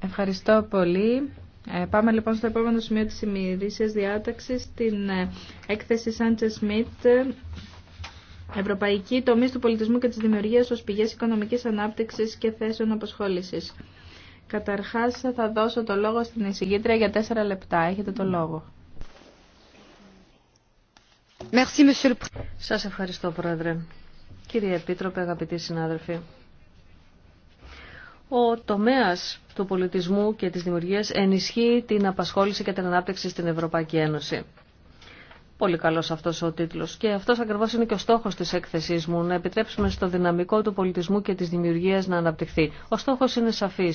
Ευχαριστώ πολύ. Ε, πάμε λοιπόν στο επόμενο σημείο της ημερήσιας διάταξης, την ε, έκθεση Σάντσε Σμιτ, Ευρωπαϊκή Τομή του Πολιτισμού και της Δημιουργίας ως πηγές οικονομικής ανάπτυξης και θέσεων απασχόλησης. Καταρχάς θα δώσω το λόγο στην εισηγήτρια για τέσσερα λεπτά. Έχετε το λόγο. Merci, Σας ευχαριστώ, Πρόεδρε. Κύριε Επίτροπε, αγαπητοί συνάδελφοι. Ο τομέα του πολιτισμού και τη δημιουργία ενισχύει την απασχόληση και την ανάπτυξη στην Ευρωπαϊκή Ένωση. Πολύ καλό αυτό ο τίτλο. και αυτό ακριβώ είναι και ο στόχο τη έκθεσής μου, να επιτρέψουμε στο δυναμικό του πολιτισμού και τη δημιουργία να αναπτυχθεί. Ο στόχο είναι σαφή.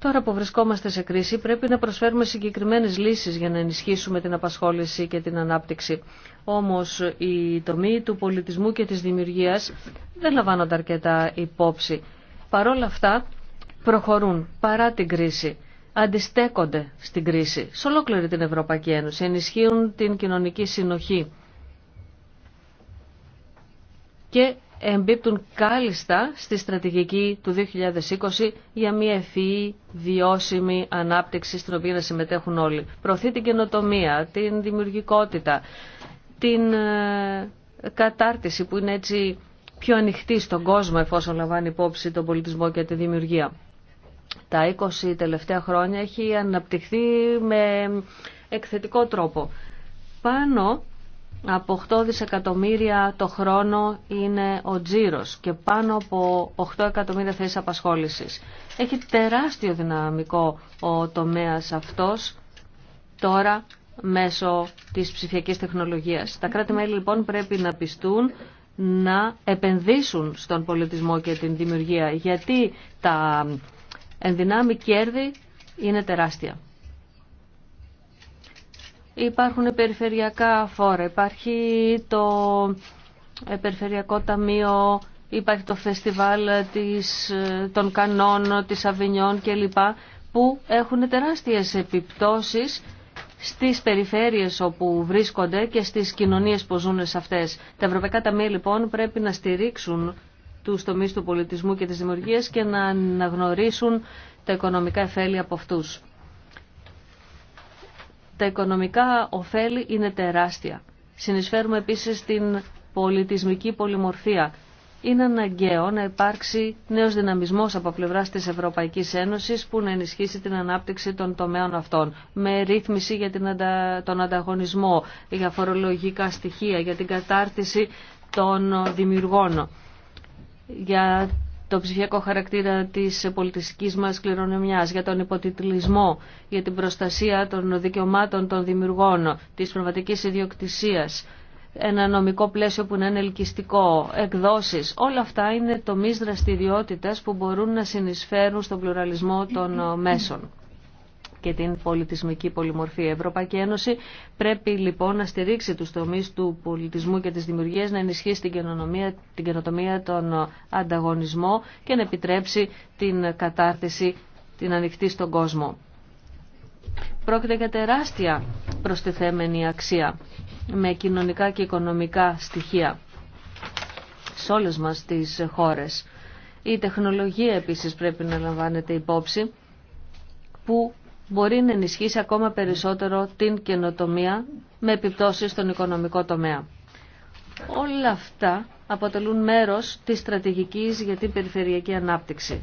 Τώρα που βρισκόμαστε σε κρίση πρέπει να προσφέρουμε συγκεκριμένε λύσει για να ενισχύσουμε την απασχόληση και την ανάπτυξη. Όμω η τομεί του πολιτισμού και τη δημιουργία δεν λαμβάνονται αρκετά υπόψη παρόλα αυτά προχωρούν παρά την κρίση, αντιστέκονται στην κρίση σε ολόκληρη την Ευρωπαϊκή Ένωση, ενισχύουν την κοινωνική συνοχή και εμπίπτουν κάλλιστα στη στρατηγική του 2020 για μια ευφυή βιώσιμη ανάπτυξη στην οποία να συμμετέχουν όλοι. Προωθεί την καινοτομία, την δημιουργικότητα, την ε, κατάρτιση που είναι έτσι πιο ανοιχτή στον κόσμο εφόσον λαμβάνει υπόψη τον πολιτισμό και τη δημιουργία. Τα 20 τελευταία χρόνια έχει αναπτυχθεί με εκθετικό τρόπο. Πάνω από 8 δισεκατομμύρια το χρόνο είναι ο τζίρος και πάνω από 8 εκατομμύρια θέσεις απασχόλησης. Έχει τεράστιο δυναμικό ο τομέας αυτός τώρα μέσω της ψηφιακής τεχνολογίας. Τα κράτη-μέλη λοιπόν πρέπει να πιστούν να επενδύσουν στον πολιτισμό και την δημιουργία, γιατί τα ενδυνάμει κέρδη είναι τεράστια. Υπάρχουν περιφερειακά φόρα, υπάρχει το ε, περιφερειακό ταμείο, υπάρχει το φεστιβάλ της, ε, των κανόνων, της Αβινιών κλπ που έχουν τεράστιες επιπτώσεις στις περιφέρειες όπου βρίσκονται και στις κοινωνίες που ζουν σε αυτές. Τα ευρωπαϊκά ταμεία λοιπόν πρέπει να στηρίξουν τους τομείς του πολιτισμού και της δημιουργίας και να αναγνωρίσουν τα οικονομικά εφέλη από αυτούς. Τα οικονομικά ωφέλη είναι τεράστια. Συνεισφέρουμε επίσης την πολιτισμική πολυμορφία είναι αναγκαίο να υπάρξει νέος δυναμισμός από πλευράς της Ευρωπαϊκής Ένωσης που να ενισχύσει την ανάπτυξη των τομέων αυτών με ρύθμιση για την τον ανταγωνισμό, για φορολογικά στοιχεία, για την κατάρτιση των δημιουργών, για το ψηφιακό χαρακτήρα της πολιτιστικής μας κληρονομιάς, για τον υποτιτλισμό, για την προστασία των δικαιωμάτων των δημιουργών, της πνευματικής ιδιοκτησίας, ένα νομικό πλαίσιο που να είναι ελκυστικό, εκδόσεις. Όλα αυτά είναι τομείς δραστηριότητας που μπορούν να συνεισφέρουν στον πλουραλισμό των μέσων και την πολιτισμική πολυμορφία. Η Ευρωπαϊκή Ένωση πρέπει λοιπόν να στηρίξει τους τομείς του πολιτισμού και της δημιουργίας, να ενισχύσει την, καινοτομία, την καινοτομία, τον ανταγωνισμό και να επιτρέψει την κατάρτιση, την ανοιχτή στον κόσμο. Πρόκειται για τεράστια προστιθέμενη αξία με κοινωνικά και οικονομικά στοιχεία σε όλες μας τις χώρες. Η τεχνολογία επίσης πρέπει να λαμβάνεται υπόψη που μπορεί να ενισχύσει ακόμα περισσότερο την καινοτομία με επιπτώσεις στον οικονομικό τομέα. Όλα αυτά αποτελούν μέρος της στρατηγικής για την περιφερειακή ανάπτυξη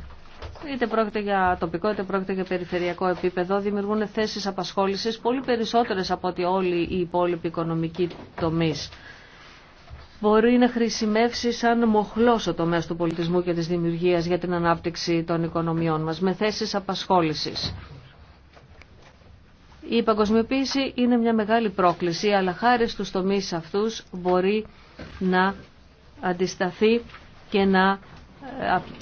είτε πρόκειται για τοπικό είτε πρόκειται για περιφερειακό επίπεδο, δημιουργούν θέσεις απασχόλησης πολύ περισσότερες από ότι όλοι οι υπόλοιποι οικονομικοί τομείς. Μπορεί να χρησιμεύσει σαν μοχλός ο τομέας του πολιτισμού και της δημιουργίας για την ανάπτυξη των οικονομιών μας, με θέσεις απασχόλησης. Η παγκοσμιοποίηση είναι μια μεγάλη πρόκληση, αλλά χάρη στους τομείς αυτούς μπορεί να αντισταθεί και να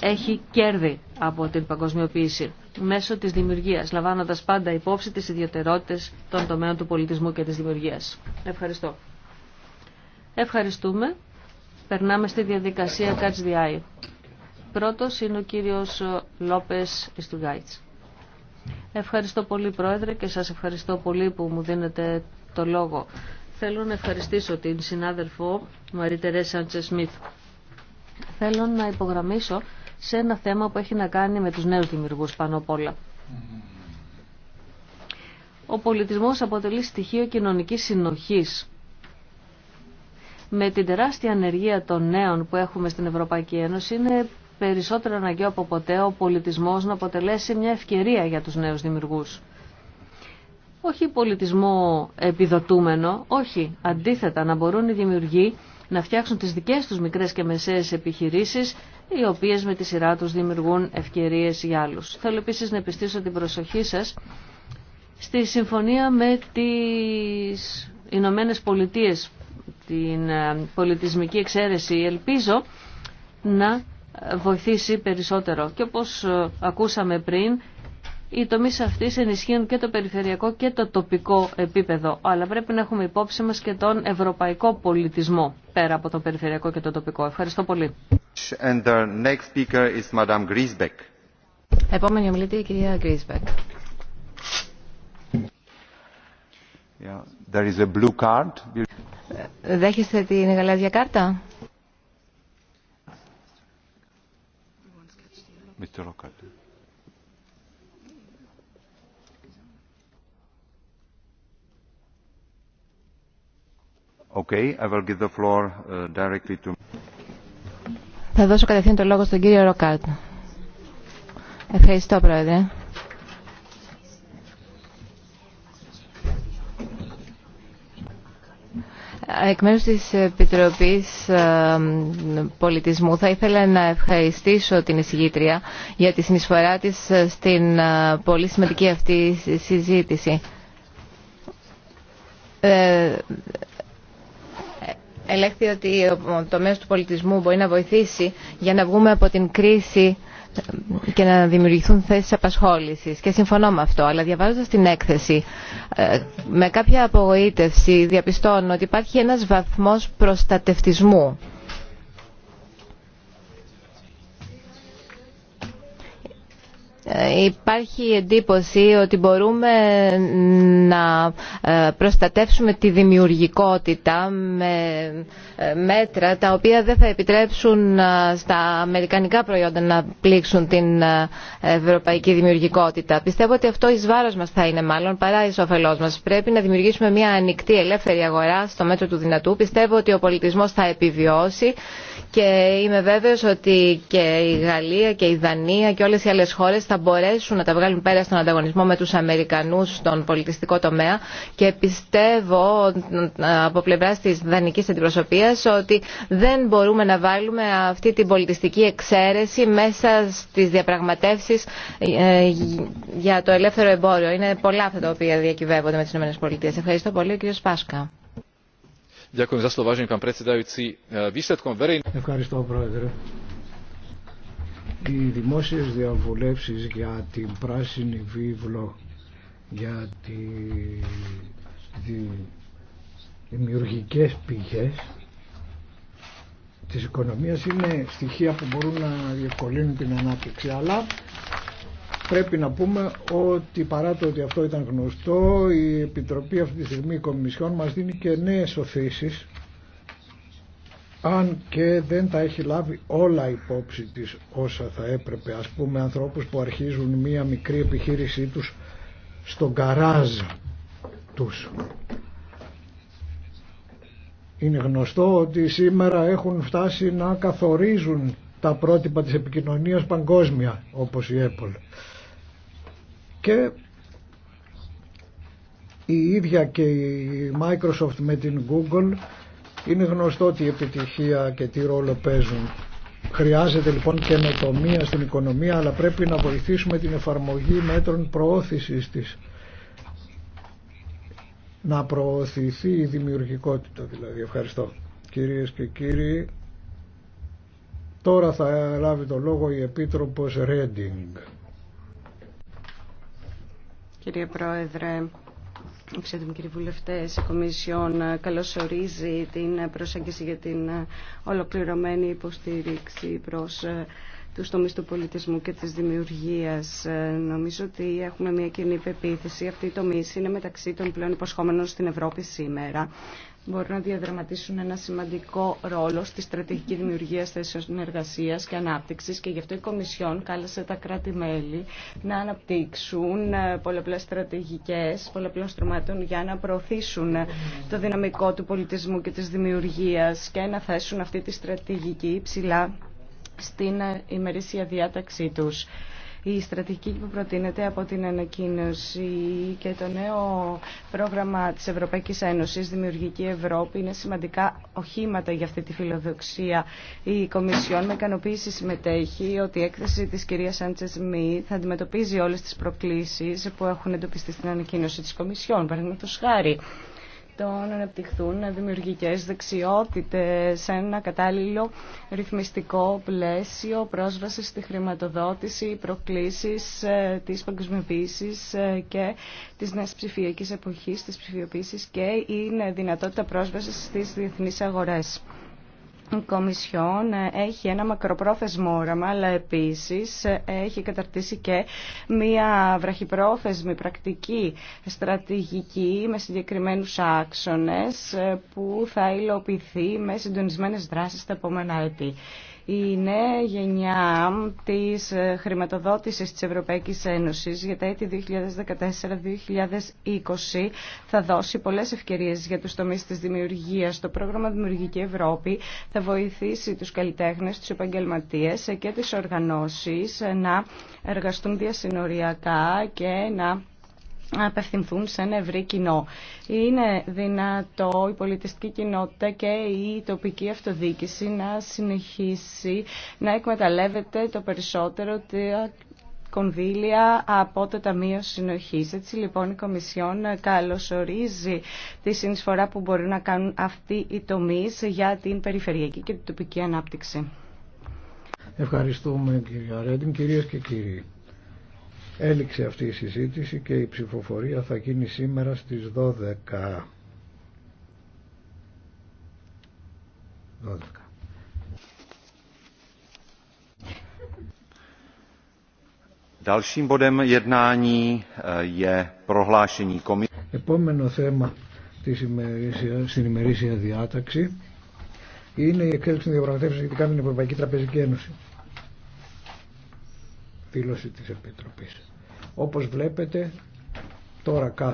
ε, έχει κέρδη από την παγκοσμιοποίηση μέσω της δημιουργίας, λαμβάνοντας πάντα υπόψη τις ιδιωτερότητες των τομέων του πολιτισμού και της δημιουργίας. Ευχαριστώ. Ευχαριστούμε. Περνάμε στη διαδικασία Catch the Eye. Πρώτος είναι ο κύριος Λόπες Ιστουγκάιτς. Ευχαριστώ πολύ Πρόεδρε και σας ευχαριστώ πολύ που μου δίνετε το λόγο. Θέλω να ευχαριστήσω την συνάδελφο Μαρή Τερέ Σάντσε Σμιθ θέλω να υπογραμμίσω σε ένα θέμα που έχει να κάνει με τους νέους δημιουργούς πάνω απ' όλα. Ο πολιτισμός αποτελεί στοιχείο κοινωνικής συνοχής. Με την τεράστια ανεργία των νέων που έχουμε στην Ευρωπαϊκή Ένωση είναι περισσότερο αναγκαίο από ποτέ ο πολιτισμός να αποτελέσει μια ευκαιρία για τους νέους δημιουργούς. Όχι πολιτισμό επιδοτούμενο, όχι, αντίθετα να μπορούν οι δημιουργοί να φτιάξουν τις δικές τους μικρές και μεσαίες επιχειρήσεις, οι οποίες με τη σειρά τους δημιουργούν ευκαιρίες για άλλους. Θέλω επίσης να επιστήσω την προσοχή σας στη συμφωνία με τις Ηνωμένε Πολιτείε, την ε, πολιτισμική εξαίρεση. Ελπίζω να βοηθήσει περισσότερο. Και όπως ε, ακούσαμε πριν, οι τομείς αυτής ενισχύουν και το περιφερειακό και το τοπικό επίπεδο, αλλά πρέπει να έχουμε υπόψη μας και τον ευρωπαϊκό πολιτισμό πέρα από το περιφερειακό και το τοπικό. Ευχαριστώ πολύ. the next speaker is Επόμενη ομιλητή η κυρία Γκρίσμπεκ. Yeah, there is a blue card. Δέχεστε την γαλάζια κάρτα. Mr. Uh, θα δώσω κατευθείαν το λόγο στον κύριο Ροκάρτ. Ευχαριστώ, Πρόεδρε. Εκ μέρους της Επιτροπής ε, Πολιτισμού θα ήθελα να ευχαριστήσω την εισηγήτρια για τη συνεισφορά της στην ε, πολύ σημαντική αυτή συζήτηση. Ε, ελέγχθη ότι το μέσο του πολιτισμού μπορεί να βοηθήσει για να βγούμε από την κρίση ε, και να δημιουργηθούν θέσεις απασχόλησης και συμφωνώ με αυτό αλλά διαβάζοντας την έκθεση ε, με κάποια απογοήτευση διαπιστώνω ότι υπάρχει ένας βαθμός προστατευτισμού Ε, υπάρχει εντύπωση ότι μπορούμε να ε, προστατεύσουμε τη δημιουργικότητα με ε, μέτρα τα οποία δεν θα επιτρέψουν στα αμερικανικά προϊόντα να πλήξουν την ευρωπαϊκή δημιουργικότητα. Πιστεύω ότι αυτό εις βάρος μας θα είναι μάλλον παρά εις όφελός μας. Πρέπει να δημιουργήσουμε μια ανοιχτή ελεύθερη αγορά στο μέτρο του δυνατού. Πιστεύω ότι ο πολιτισμός θα επιβιώσει και είμαι βέβαιος ότι και η Γαλλία και η Δανία και όλες οι άλλες χώρες θα μπορέσουν να τα βγάλουν πέρα στον ανταγωνισμό με τους Αμερικανούς στον πολιτιστικό τομέα και πιστεύω από πλευρά τη Δανική αντιπροσωπεία ότι δεν μπορούμε να βάλουμε αυτή την πολιτιστική εξαίρεση μέσα στις διαπραγματεύσεις ε, για το ελεύθερο εμπόριο. Είναι πολλά αυτά τα οποία διακυβεύονται με τις ΗΠΑ. Ευχαριστώ πολύ, κύριο Σπάσκα. E, Ευχαριστώ, Πρόεδρε. Οι δημόσιες διαβουλεύσεις για την πράσινη βίβλο, για τις δημιουργικές πηγές της οικονομίας είναι στοιχεία που μπορούν να διευκολύνουν την ανάπτυξη, αλλά πρέπει να πούμε ότι παρά το ότι αυτό ήταν γνωστό η Επιτροπή αυτή τη στιγμή η Κομισιόν μας δίνει και νέες οθήσεις αν και δεν τα έχει λάβει όλα υπόψη της όσα θα έπρεπε ας πούμε ανθρώπους που αρχίζουν μία μικρή επιχείρησή τους στον καράζ τους είναι γνωστό ότι σήμερα έχουν φτάσει να καθορίζουν τα πρότυπα της επικοινωνίας παγκόσμια όπως η Apple και η ίδια και η Microsoft με την Google είναι γνωστό τι επιτυχία και τι ρόλο παίζουν. Χρειάζεται λοιπόν καινοτομία στην οικονομία αλλά πρέπει να βοηθήσουμε την εφαρμογή μέτρων προώθησης της. Να προωθηθεί η δημιουργικότητα δηλαδή. Ευχαριστώ. Κυρίες και κύριοι, τώρα θα λάβει το λόγο η Επίτροπος Ρέντινγκ. Κύριε Πρόεδρε, Ξέρετε, κύριε βουλευτέ, η Κομισιόν καλωσορίζει την προσέγγιση για την ολοκληρωμένη υποστήριξη προς ε, του τομεί του πολιτισμού και τη δημιουργία. Ε, νομίζω ότι έχουμε μια κοινή πεποίθηση. Αυτή η τομή είναι μεταξύ των πλέον υποσχόμενων στην Ευρώπη σήμερα. Μπορούν να διαδραματίσουν ένα σημαντικό ρόλο στη στρατηγική δημιουργία θέσεων εργασία και ανάπτυξη και γι' αυτό η Κομισιόν κάλεσε τα κράτη-μέλη να αναπτύξουν ε, πολλαπλέ στρατηγικέ πολλαπλών στρωμάτων για να προωθήσουν ε, το δυναμικό του πολιτισμού και τη δημιουργία και να θέσουν αυτή τη στρατηγική υψηλά στην ημερήσια διάταξή τους. Η στρατηγική που προτείνεται από την ανακοίνωση και το νέο πρόγραμμα της Ευρωπαϊκής Ένωσης Δημιουργική Ευρώπη είναι σημαντικά οχήματα για αυτή τη φιλοδοξία. Η Κομισιόν με ικανοποίηση συμμετέχει ότι η έκθεση της κυρίας Σάντσες Μη θα αντιμετωπίζει όλες τις προκλήσεις που έχουν εντοπιστεί στην ανακοίνωση της Κομισιόν. Παραδείγματος χάρη το να αναπτυχθούν δημιουργικές δεξιότητες σε ένα κατάλληλο ρυθμιστικό πλαίσιο, πρόσβαση στη χρηματοδότηση, προκλήσεις ε, της παγκοσμιοποίησης ε, και της νέας ψηφιακής εποχής, της ψηφιοποίησης και η δυνατότητα πρόσβασης στις διεθνείς αγορές. Η Κομισιόν ε, έχει ένα μακροπρόθεσμο όραμα, αλλά επίσης ε, έχει καταρτήσει και μια βραχυπρόθεσμη πρακτική στρατηγική με συγκεκριμένους άξονες ε, που θα υλοποιηθεί με συντονισμένες δράσεις τα επόμενα έτη η νέα γενιά της ε, χρηματοδότησης της Ευρωπαϊκής Ένωσης για τα έτη 2014-2020 θα δώσει πολλές ευκαιρίες για τους τομείς της δημιουργίας. Το πρόγραμμα Δημιουργική Ευρώπη θα βοηθήσει τους καλλιτέχνες, τους επαγγελματίες και τις οργανώσεις να εργαστούν διασυνοριακά και να απευθυνθούν σε ένα ευρύ κοινό. Είναι δυνατό η πολιτιστική κοινότητα και η τοπική αυτοδίκηση να συνεχίσει να εκμεταλλεύεται το περισσότερο κονδύλια από το Ταμείο Συνοχής. Έτσι λοιπόν η Κομισιόν καλωσορίζει τη συνεισφορά που μπορεί να κάνουν αυτοί οι τομείς για την περιφερειακή και την τοπική ανάπτυξη. Ευχαριστούμε κυρία Ρέντιν, κυρίες και κύριοι. Έληξε αυτή η συζήτηση και η ψηφοφορία θα γίνει σήμερα στις 12. 12. Eh, Επόμενο θέμα της στην ημερήσια διάταξη είναι η εξέλιξη των διαπραγματεύσεων σχετικά με την Ευρωπαϊκή Τραπεζική Ένωση. Δήλωση της Επιτροπής. Όπως βλέπετε τώρα κάθε